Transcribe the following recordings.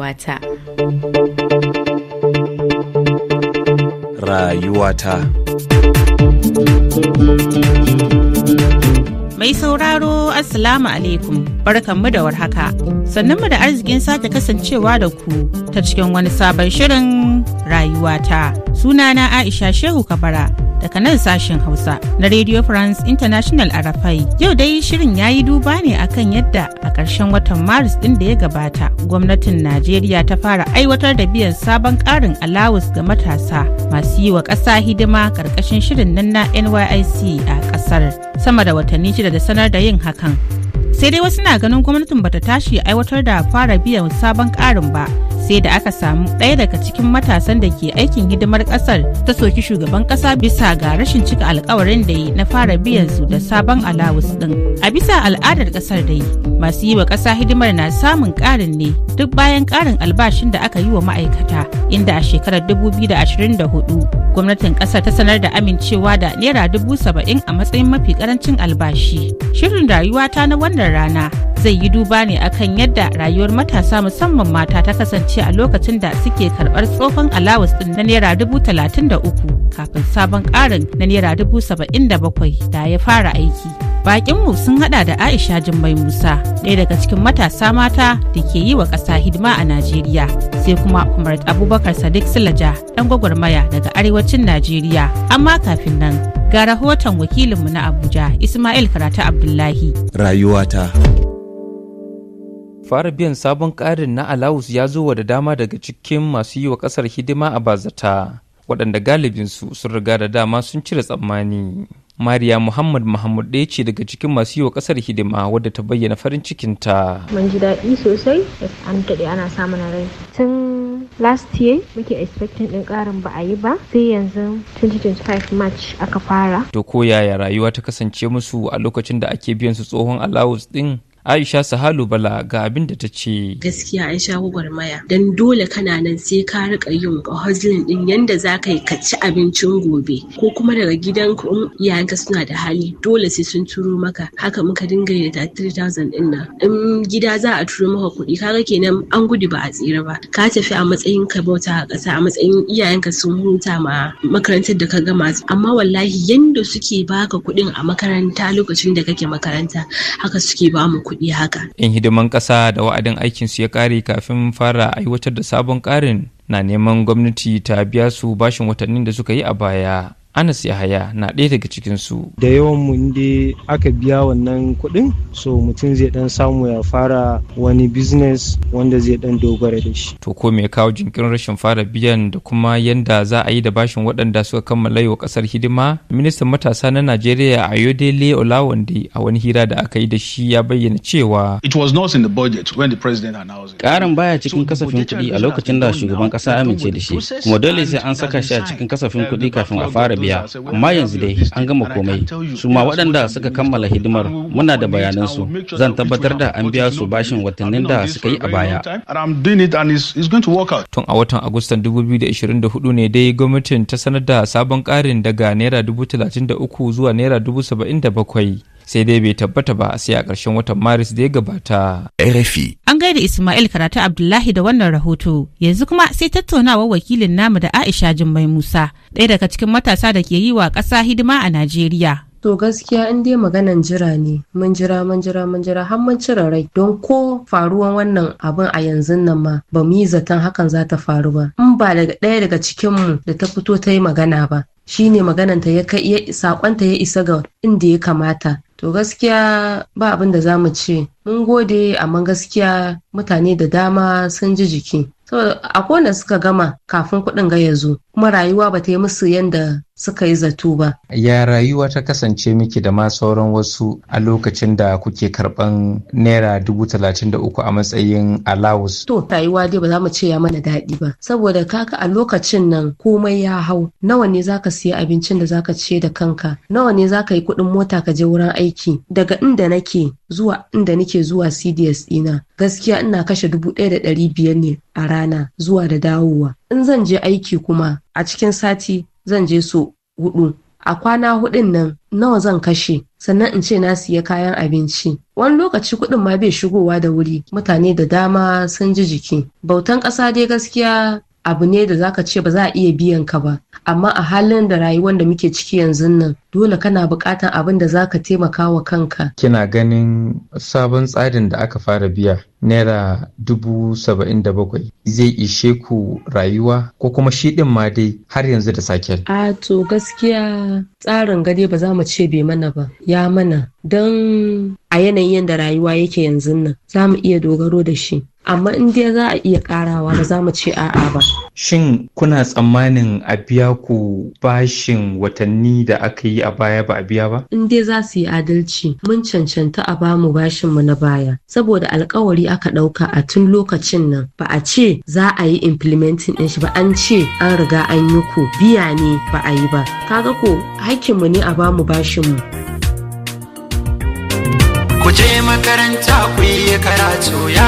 Wata. Rayuwata. Mai sauraro Assalamu alaikum barkanmu da warhaka sannanmu da arzikin sake kasancewa da ku ta cikin wani sabon shirin rayuwata sunana Aisha Shehu Kabara daga nan sashen Hausa na Radio France International Arafai. Yau dai shirin ya yi duba ne akan yadda a ƙarshen watan Maris ɗin da ya gabata gwamnatin Najeriya ta fara aiwatar da biyan sabon ƙarin alawus ga matasa masu yi wa ƙasa hidima ƙarƙashin shirin nan na NYIC a ƙasar sama da watanni shida da sanar da yin hakan. Sai dai wasu na ganin gwamnatin bata tashi aiwatar da fara biyan sabon ƙarin ba sai da aka samu ɗaya daga cikin matasan da ke aikin hidimar ƙasar ta soki shugaban ƙasa bisa ga rashin cika alkawarin da yi na fara biyan su da sabon alawus ɗin. A bisa al'adar ƙasar da yi, masu yi wa ƙasa hidimar na samun ƙarin ne duk bayan ƙarin albashin da aka yi wa ma'aikata, inda a shekarar da 2024 gwamnatin ƙasar ta sanar da amincewa da naira dubu saba'in a matsayin mafi ƙarancin albashi. Shirin rayuwata na wannan rana zai yi duba ne akan yadda rayuwar matasa musamman mata ta kasance ce a lokacin da suke karɓar tsohon alawus ɗin na naira dubu talatin da uku kafin sabon ƙarin na naira dubu saba'in da bakwai da ya fara aiki. Bakinmu sun hada da Aisha Jummai Musa, ɗaya daga cikin matasa mata da ke yi wa ƙasa hidima a Najeriya, sai kuma Umar Abubakar Sadiq Silaja, ɗan gwagwarmaya daga arewacin Najeriya. Amma kafin nan, ga rahoton wakilinmu na Abuja, Ismail Karatu Abdullahi. Rayuwata. fara biyan sabon ƙarin na alawus ya zo wa da dama daga cikin masu yi wa ƙasar hidima a bazata waɗanda galibinsu sun riga da dama sun cire tsammani mariya muhammad muhammad ɗaya ce daga cikin masu yi wa ƙasar hidima wadda ta bayyana farin cikinta mun ji daɗi sosai an daɗe ana samun rai tun last year muke expecting ɗin ƙarin ba a yi ba sai yanzu 2025 march aka fara to ko yaya rayuwa ta kasance musu a lokacin da ake biyan su tsohon alawus ɗin Aisha Sahalu Bala ga abin da ta ce. Gaskiya an sha gwagwarmaya don dole kana nan sai ka rika yin hustling din yanda za ka yi ka ci abincin gobe ko kuma daga gidan in iyayenka suna da hali dole sai sun turo maka haka muka dinga yi da 3000 din nan in gida za a turo maka kuɗi kaga kenan an gudu ba a tsira ba ka tafi a matsayin ka bauta a ƙasa a matsayin iyayenka sun huta ma makarantar da ka gama amma wallahi yanda suke baka kuɗin a makaranta lokacin da kake makaranta haka suke ba mu kuɗi haka. In hidiman ƙasa da wa'adin aikin su ya ƙare kafin fara aiwatar da sabon ƙarin na neman gwamnati ta biya su bashin watannin da suka yi a baya. Anas Yahaya na ɗaya daga cikin su Da yawan mu inda aka biya wannan kuɗin so mutum zai ɗan samu ya fara wani business wanda zai ɗan dogara da shi. To ko me kawo jinkirin rashin fara biyan da kuma yanda za a yi da bashin waɗanda suka kammala wa ƙasar hidima? Ministan matasa na Najeriya Ayodele Olawande a wani hira da aka yi da shi ya bayyana cewa. It was not in the budget when the president announced it. Ƙarin baya cikin kasafin kuɗi a lokacin da shugaban ƙasa amince da shi kuma dole sai an saka shi a cikin kasafin kuɗi kafin a fara biya amma yanzu dai an gama komai su ma waɗanda suka kammala hidimar muna da bayanansu zan tabbatar da an biya su bashin watannin da suka yi a baya tun a watan agustan 2024 ne dai gwamnatin ta sanar da sabon ƙarin daga naira 33 zuwa naira 77 sai dai bai tabbata ba sai a ƙarshen watan maris da ya gabata. RFI. An gaida Ismail Karatu Abdullahi da wannan rahoto yanzu kuma sai tattaunawa wakilin namu da Aisha Jummai Musa ɗaya daga cikin matasa da ke yi wa ƙasa hidima a Najeriya. To gaskiya in dai maganan jira ne, mun jira mun jira mun jira har mun cire rai don ko faruwan wannan abin a yanzu nan ma ba mu yi zaton hakan za ta faru ba. In ba daga ɗaya daga cikinmu da ta fito ta yi magana ba, shine maganan ta ya kai ya isa ga inda ya kamata to gaskiya ba abin da za mu ce mun gode amma gaskiya mutane da dama sun ji jiki saboda akwai wanda suka gama kafin kuɗin ga ya zo kuma rayuwa ba ta yi musu yadda suka yi zato ba. Ya rayuwa ta kasance miki da ma sauran wasu a lokacin da kuke karban naira dubu talatin da uku a matsayin allowance. To rayuwa dai ba za mu ce ya mana daɗi ba saboda kaka a lokacin nan komai ya hau nawa ne zaka siya abincin da zaka ce da kanka nawa ne zaka yi kuɗin mota ka je wurin aiki daga inda nake zuwa inda nake zuwa CDS ɗina gaskiya ina kashe dubu ɗaya da ɗari biyar ne a rana zuwa da dawowa in zan je aiki kuma a cikin sati zan je su hudu a kwana hudun nan nawa zan kashe sannan in ce na siya kayan abinci wani lokaci kuɗin ma bai shigowa da wuri mutane da dama sun ji jiki bautan ƙasa dai gaskiya abu ne da zaka ce ba za a iya biyan ka ba amma a halin da rayuwar da muke ciki yanzu nan dole kana bukatan abin da zaka taimaka wa kanka kina ganin sabon tsarin da aka fara biya naira dubu saba'in da bakwai zai ishe ku rayuwa ko kuma shi din ma dai har yanzu da sake. a to gaskiya tsarin gade ba za mu ce bai mana ba ya mana don a yanayin da rayuwa yake yanzu nan za mu iya dogaro da shi amma in dai za a iya karawa ba za mu ce a'a ba. Shin kuna tsammanin a biya ku bashin watanni da aka yi a baya ba a biya ba? In dai za su yi adalci mun cancanta a bamu bashin mu na baya saboda alkawari aka ɗauka a tun lokacin nan ba a ce za a yi implementing din shi ba an ce an riga an yi ku biya ne ba a yi ba. Kaga ko mu ne a bamu bashin mu. Ku je makaranta ku yi karatu ya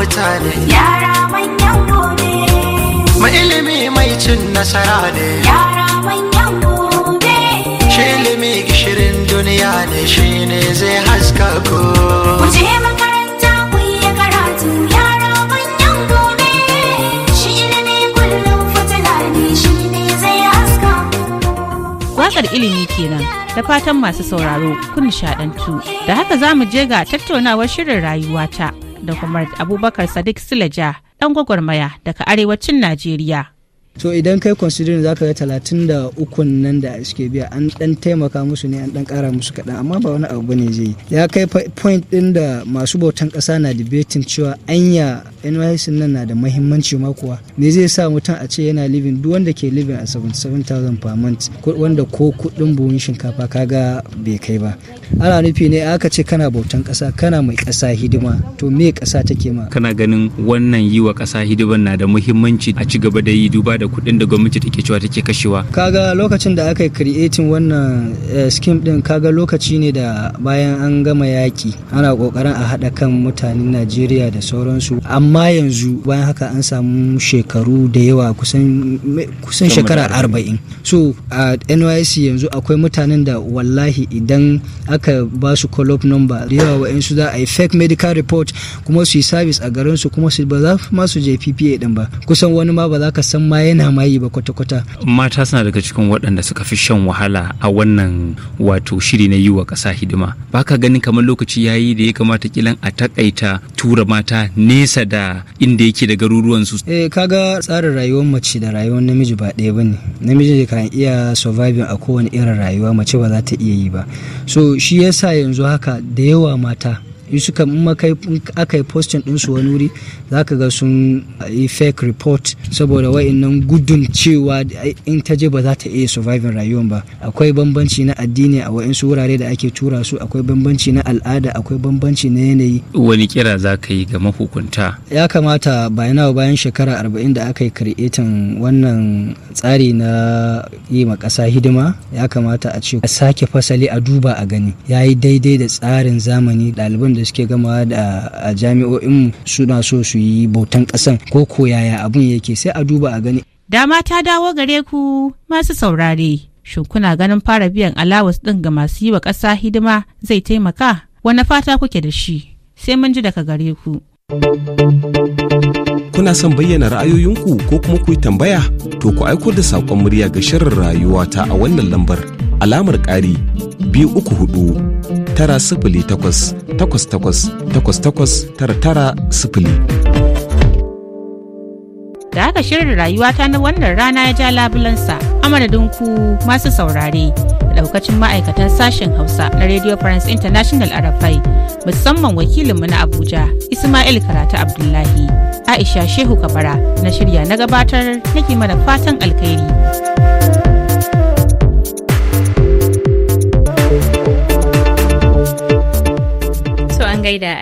mutane yara manyan gobe ma ilimi mai cin nasara ne yara manyan gobe shi ilimi gishirin duniya ne shi ne zai haska ku ku je makaranta yi karatu yara manyan gobe shi ilimi kullum ne shi ne zai waƙar ilimi kenan da fatan masu sauraro kun nishaɗantu da haka za mu je ga tattaunawar shirin rayuwata da kumar Abubakar Sadiq Silaja dan gwagwarmaya daga arewacin Najeriya. to idan kai considering zaka ga talatin da ukun nan da suke biya an dan taimaka musu ne an dan kara musu kaɗan amma ba wani abu ne zai ya kai point din da masu bautan ƙasa na debating cewa anya nys nan na da mahimmanci ma kuwa me zai sa mutum a ce yana living duk wanda ke living a 77,000 per month wanda ko kuɗin buhun shinkafa kaga bai kai ba ana nufi ne aka ce kana bautan ƙasa kana mai ƙasa hidima to me kasa take ma kana ganin wannan yi wa ƙasa hidiman na da muhimmanci a ci gaba da yi duba da kuɗin da gwamnati take cewa take kashewa kaga lokacin da aka yi creating wannan eh, scheme din kaga lokaci ne da bayan an gama yaki ana kokarin a haɗa kan mutanen najeriya da sauransu amma amma yanzu bayan haka an samu shekaru da yawa kusan shekara arba'in so a nysc yanzu akwai mutanen da wallahi idan aka ba su call up number da yawa wa'insu za a yi fake medical report kuma su yi service a garin su kuma su ba za ma su je ppa din ba kusan wani ma ba za ka san ma yana mayi ba kwata-kwata mata suna daga cikin waɗanda suka fi shan wahala a wannan wato shiri na yi wa ƙasa hidima ba ka ganin kamar lokaci yayi da ya kamata kilan a takaita tura mata nesa da da inda yake da garuruwan su eh kaga tsarin rayuwar mace da rayuwar namiji ba ɗaya bane namiji kan iya surviving a kowane irin rayuwa mace ba za ta iya yi ba so shi yasa yanzu haka da yawa mata su kan aka yi postin ɗinsu wani wuri za ka ga sun yi fake report saboda wa'annan gudun cewa in ta je ba za ta iya surviving rayuwan ba akwai bambanci na addini a wa'insu wurare da ake tura su akwai bambanci na al'ada akwai bambanci na yanayi wani kira za ka yi ga mahukunta ya kamata bayan bayan shekara arba'in da aka yi kreatin wannan tsari na yi ma ƙasa hidima ya kamata a ce a sake fasali a duba a gani ya yi daidai da tsarin zamani ɗaliban da da suke gama da a jami'o'in suna so su yi bautan ƙasan ko koyaya abun yake sai a duba a gani dama ta dawo gare ku masu saurare shin kuna ganin fara biyan alawas ɗin ga masu yi wa ƙasa hidima zai taimaka wani fata kuke da shi sai mun ji daga gare ku kuna son bayyana ra'ayoyinku ko kuma ku tambaya to ku aiko da saƙon murya ga shirin rayuwa ta a wannan lambar alamar ƙari biyu uku hudu tara sifili takwas takwas takwas takwas takwas tara tara sifili. Da haka shirin rayuwata na wannan rana ya ja labulansa a madadin ku masu saurare da daukacin ma'aikatan sashen Hausa na Radio France International Arafai musamman wakilinmu na Abuja Ismail Karatu Abdullahi Aisha Shehu Kabara na shirya na gabatar nake mana fatan alkhairi. Bangay vâng. da